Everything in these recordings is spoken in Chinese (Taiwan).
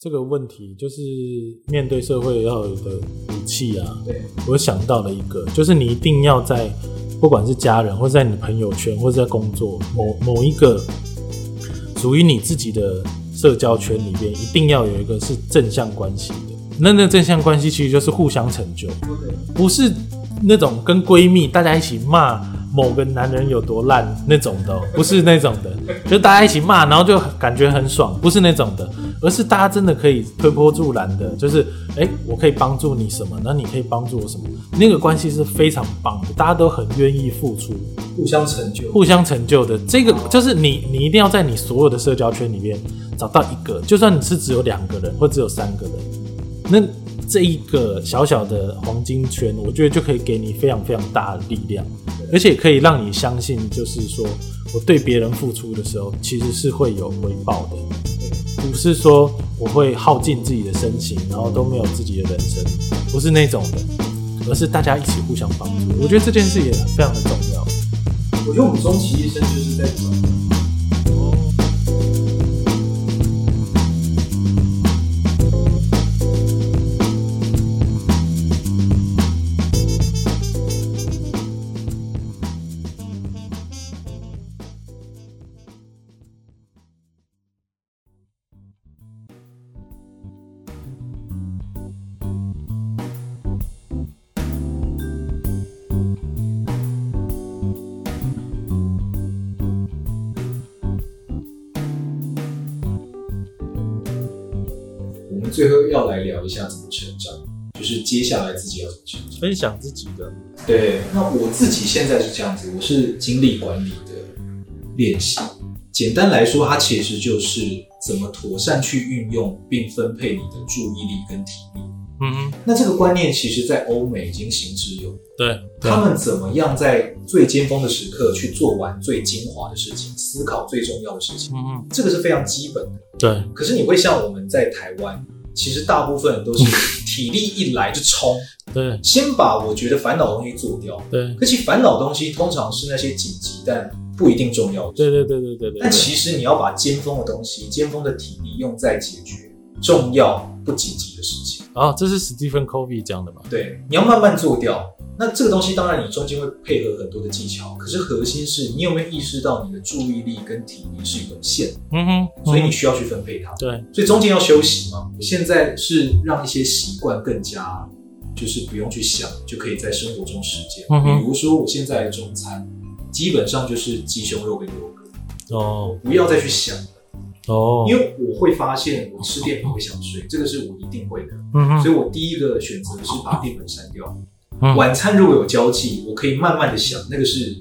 這個問題就是面對社會要有的武器啊。對我想到了一個，就是你一定要在不管是家人，或是在你的朋友圈，或是在工作，某某一個屬於你自己的社交圈裡邊，一定要有一個是正向關係的。那那正向關係其實就是互相成就，不是那種跟閨蜜大家一起罵某個男人有多爛那種的，不是那種的， 就大家一起罵，然後就感覺很爽，不是那種的。而是大家真的可以推波助瀾的，就是哎，我可以幫助你什麼？那你可以幫助我什麼？那個關係是非常棒的，大家都很願意付出，互相成就，互相成就的。這個就是你，你一定要在你所有的社交圈裡面找到一個，就算你是只有兩個人或只有三個人，那這一個小小的黃金圈，我覺得就可以給你非常非常大的力量，而且可以讓你相信，就是說我對別人付出的時候，其實是會有回報的。不是說我會耗盡自己的深情，然後都沒有自己的人生，不是那種的，而是大家一起互相幫助。我覺得這件事也非常的重要。我覺得我們終其一生就是在。種。最後要來聊一下怎麼成長，就是接下來自己要怎麼成長，分享自己的。對，那我自己現在是這樣子，我是精力管理的練習。簡單來說，它其實就是怎麼妥善去運用並分配你的注意力跟體力。嗯，嗯，那這個觀念其實在歐美已經行之有對。對。他們怎麼樣在最尖峰的時刻去做完最精華的事情，思考最重要的事情？嗯，嗯，這個是非常基本的。對。可是你會像我們在台灣。其實大部分都是體力一來就衝， 對，先把我覺得煩惱東西做掉，對。可是煩惱東西通常是那些緊急但不一定重要的，對對對對對對、對。但其實你要把尖峰的東西，尖峰的體力用在解決。重要不緊急的事情啊，這是史蒂芬·科 y 講的嘛？對，你要慢慢做掉。那這個東西當然，你中間會配合很多的技巧，嗯、可是核心是你有沒有意識到你的注意力跟體力是有限，嗯哼，嗯哼所以你需要去分配它。對，所以中間要休息嗎？我現在是讓一些習慣更加，就是不用去想就可以在生活中實踐。嗯哼，比如說我現在中餐基本上就是雞胸肉跟牛。哦、嗯哼，不要再去想。Oh. 因為我會發現我吃澱粉會想睡，這個是我一定會的，mm hmm. 所以我第一個選擇是把澱粉刪掉。Mm hmm. 晚餐如果有交際，我可以慢慢的想，那個是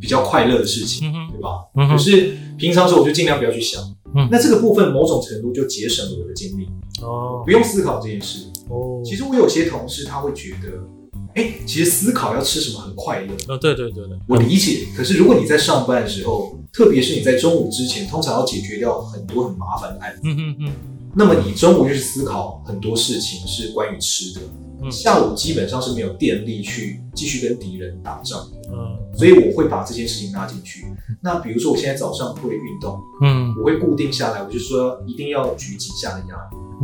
比較快樂的事情，mm hmm. 對吧？Mm hmm. 可是平常時候我就儘量不要去想，mm hmm. 那這個部分某種程度就節省了我的精力，oh. 不用思考這件事，oh. 其實我有些同事他會覺得。哎、欸，其實思考要吃什麼很快樂。哦，對對對對，我理解。嗯、可是如果你在上班的時候，特別是你在中午之前，通常要解決掉很多很麻煩的案子，嗯哼哼，那麼你中午就是思考很多事情是關於吃的，嗯、下午基本上是沒有電力去繼續跟敵人打仗嗯，所以我會把這件事情拉進去。那比如說，我現在早上會運動，嗯，我會固定下來，我就說一定要舉幾下的啞鈴，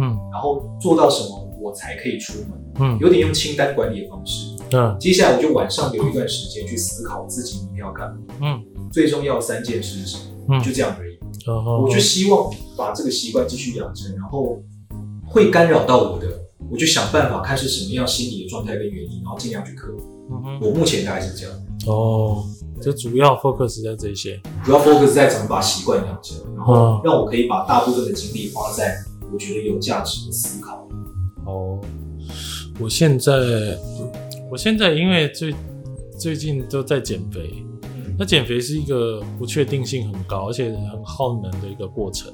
嗯，然後做到什麼。才可以出門。嗯，有點用清單管理的方式。嗯，接下來我就晚上留一段時間去思考自己明天要幹嘛。嗯，最重要三件事是什麼？就這樣而已。我就希望把這個習慣繼續養成，然後會干擾到我的，我就想辦法看是什麼樣心理的狀態跟原因，然後盡量去克服。我目前大概是這樣。哦，這主要 focus 在這些，主要 focus 在怎麼把習慣養成，然後讓我可以把大部分的精力花在我覺得有價值的思考。哦，我現在，我現在因為最最近都在減肥，那減肥是一個不確定性很高，而且很耗能的一個過程。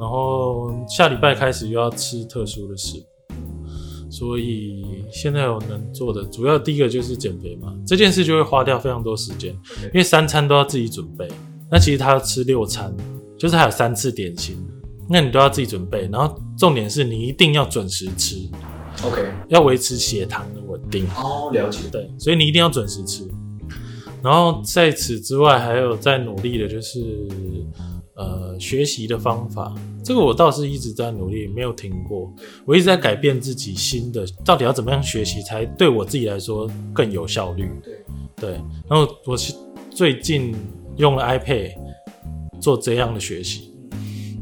然後下禮拜開始又要吃特殊的食物，所以現在我能做的主要第一個就是減肥嘛，這件事就會花掉非常多時間，因為三餐都要自己準備。那其實他要吃六餐，就是還有三次點心，那你都要自己準備，然後。重點是你一定要準時吃，OK，要維持血糖的穩定。哦，了解。對，所以你一定要準時吃。然後在此之外，還有在努力的就是，呃，學習的方法。這個我倒是一直在努力，沒有停過。對我一直在改變自己新的，到底要怎麼樣學習才對我自己來說更有效率？對，對。然後我是最近用了 iPad 做這樣的學習。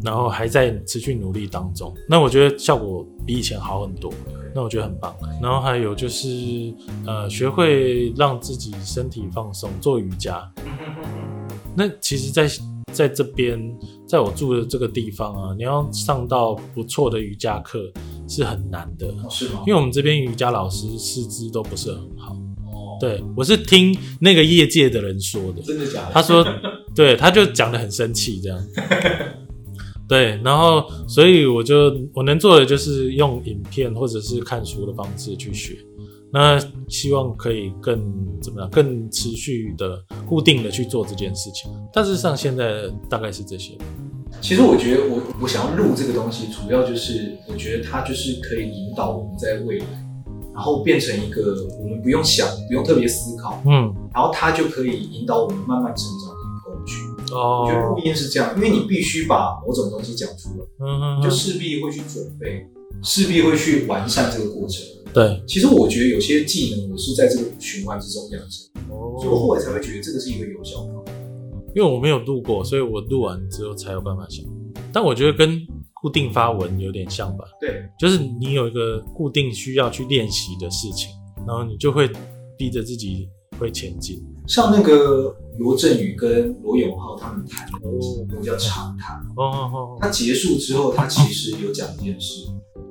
然後還在持續努力當中，那我覺得效果比以前好很多，那我覺得很棒。然後還有就是，呃，學會讓自己身體放鬆，做瑜伽。嗯、那其實在，在在這邊，在我住的這個地方啊，你要上到不錯的瑜伽課是很難的，哦、是嗎？因為我們這邊瑜伽老師師資都不是很好。哦、對，我是聽那個業界的人說的，真的假的？他說， 對，他就講得很生氣這樣。 對，然後所以我就我能做的就是用影片或者是看書的方式去學，那希望可以更怎麼樣，更持續的、固定的去做這件事情。但是像現在大概是這些。其實我覺得我我想要錄這個東西，主要就是我覺得它就是可以引導我們在未來，然後變成一個我們不用想、不用特別思考，嗯，然後它就可以引導我們慢慢成長。哦，我覺得錄音是這樣，因為你必須把某種東西講出來，嗯哼哼，就勢必會去準備，勢必會去完善這個過程。對，其實我覺得有些技能，我是在這個循環之中養成，哦，所以我後來才會覺得這個是一個有效法。因為我沒有錄過，所以我錄完之後才有辦法想。但我覺得跟固定發文有點像吧？對，就是你有一個固定需要去練習的事情，然後你就會逼着自己。會前進，像那個羅振宇跟羅永浩他們談，那、哦、種叫長談。哦哦哦，他結束之後，哦、他其實有講一件事，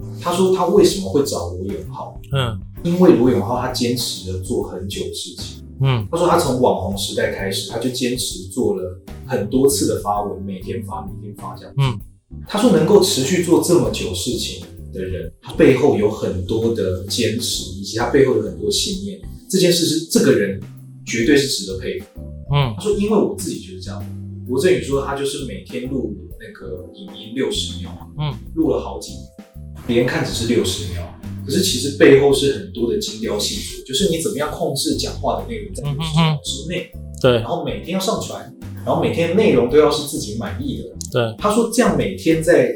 嗯、他說他為什麼會找羅永浩？嗯，因為羅永浩他堅持了做很久的事情。嗯，他說他從網紅時代開始，他就堅持做了很多次的發文，每天發、發，每天發這樣。嗯，他說能夠持續做這麼久事情的人，他背後有很多的堅持，以及他背後有很多信念。這件事是這個人，絕對是值得佩服。嗯，他說，因為我自己就是這樣。羅振宇說，他就是每天錄那個影音六十秒，錄、嗯、了好幾年，別人看只是六十秒，可是其實背後是很多的精雕細琢，就是你怎麼樣控制講話的內容在六十秒之內、嗯嗯。對，然後每天要上傳，然後每天內容都要是自己滿意的。對，他說這樣每天在。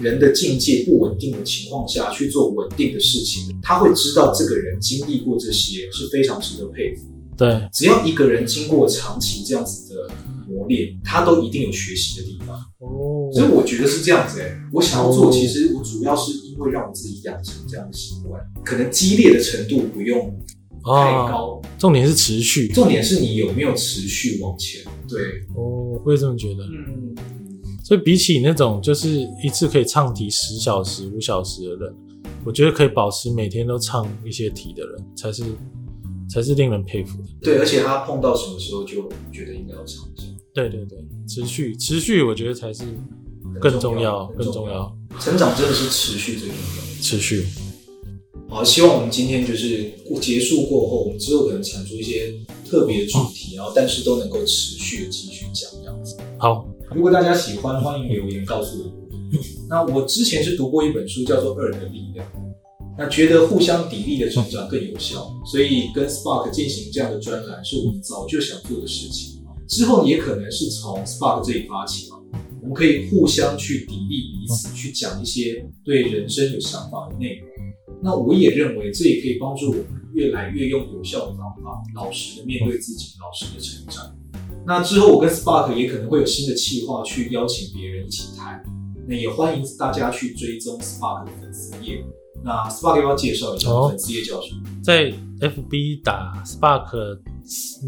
人的境界不穩定的情況下去做穩定的事情，他會知道這個人經歷過這些是非常值得佩服。對，只要一個人經過長期這樣子的磨練，他都一定有學習的地方。哦、所以我覺得是這樣子、欸。哎，我想要做，其實我主要是因為讓我自己養成這樣的習慣，哦、可能激烈的程度不用太高，啊、重點是持續，重點是你有沒有持續往前。對，哦，我會這麼覺得。嗯。所以比起那種就是一次可以唱題十小時、五小時的人，我覺得可以保持每天都唱一些題的人才是才是令人佩服的。對，而且他碰到什麼時候就覺得應該要唱一下。對對對，持續持續，我覺得才是更重要、很重要、很重要、更重要。成長真的是持續最重要，持續。好，希望我們今天就是過結束過後，我們之後可能產出一些特別的主題，嗯、然後但是都能夠持續的繼續講這樣子。好。如果大家喜歡，歡迎留言告訴我。 那我之前是讀過一本書，叫做《二人的力量》，那覺得互相砥礪的成長更有效，所以跟 Spark 進行這樣的專欄，是我們早就想做的事情。之後也可能是從 Spark 這裡發起嘛，我們可以互相去砥礪彼此，去講一些對人生有想法的內容。那我也認為，這也可以幫助我們越來越用有效的方法，老實的面對自己，老實的成長。那之後，我跟 Spark 也可能會有新的計劃，去邀請別人一起談。那也歡迎大家去追蹤 Spark 的粉絲頁。那 Spark 要不要介紹一下粉絲頁叫什麼？Oh, 在 FB 打 Spark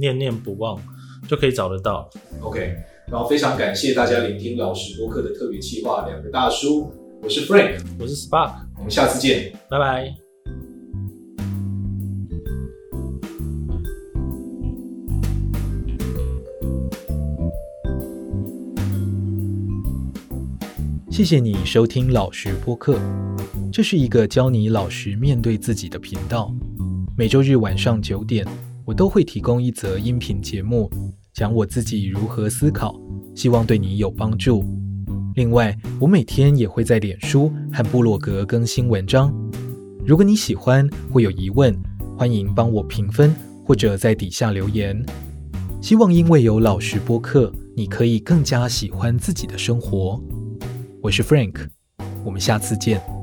唸念不忘就可以找得到。OK，然後非常感謝大家聆聽老實播客的特別計劃，兩個大叔，我是 Frank，我是 Spark，我們下次見，拜拜。謝謝你收聽老實播客，這是一個教你老實面對自己的頻道。每周日晚上九點，我都會提供一則音頻節目，講我自己如何思考，希望對你有幫助。另外，我每天也會在臉書和部落格更新文章。如果你喜歡，或有疑問，歡迎幫我評分或者在底下留言。希望因為有老實播客，你可以更加喜歡自己的生活。我是 Frank，我們下次見。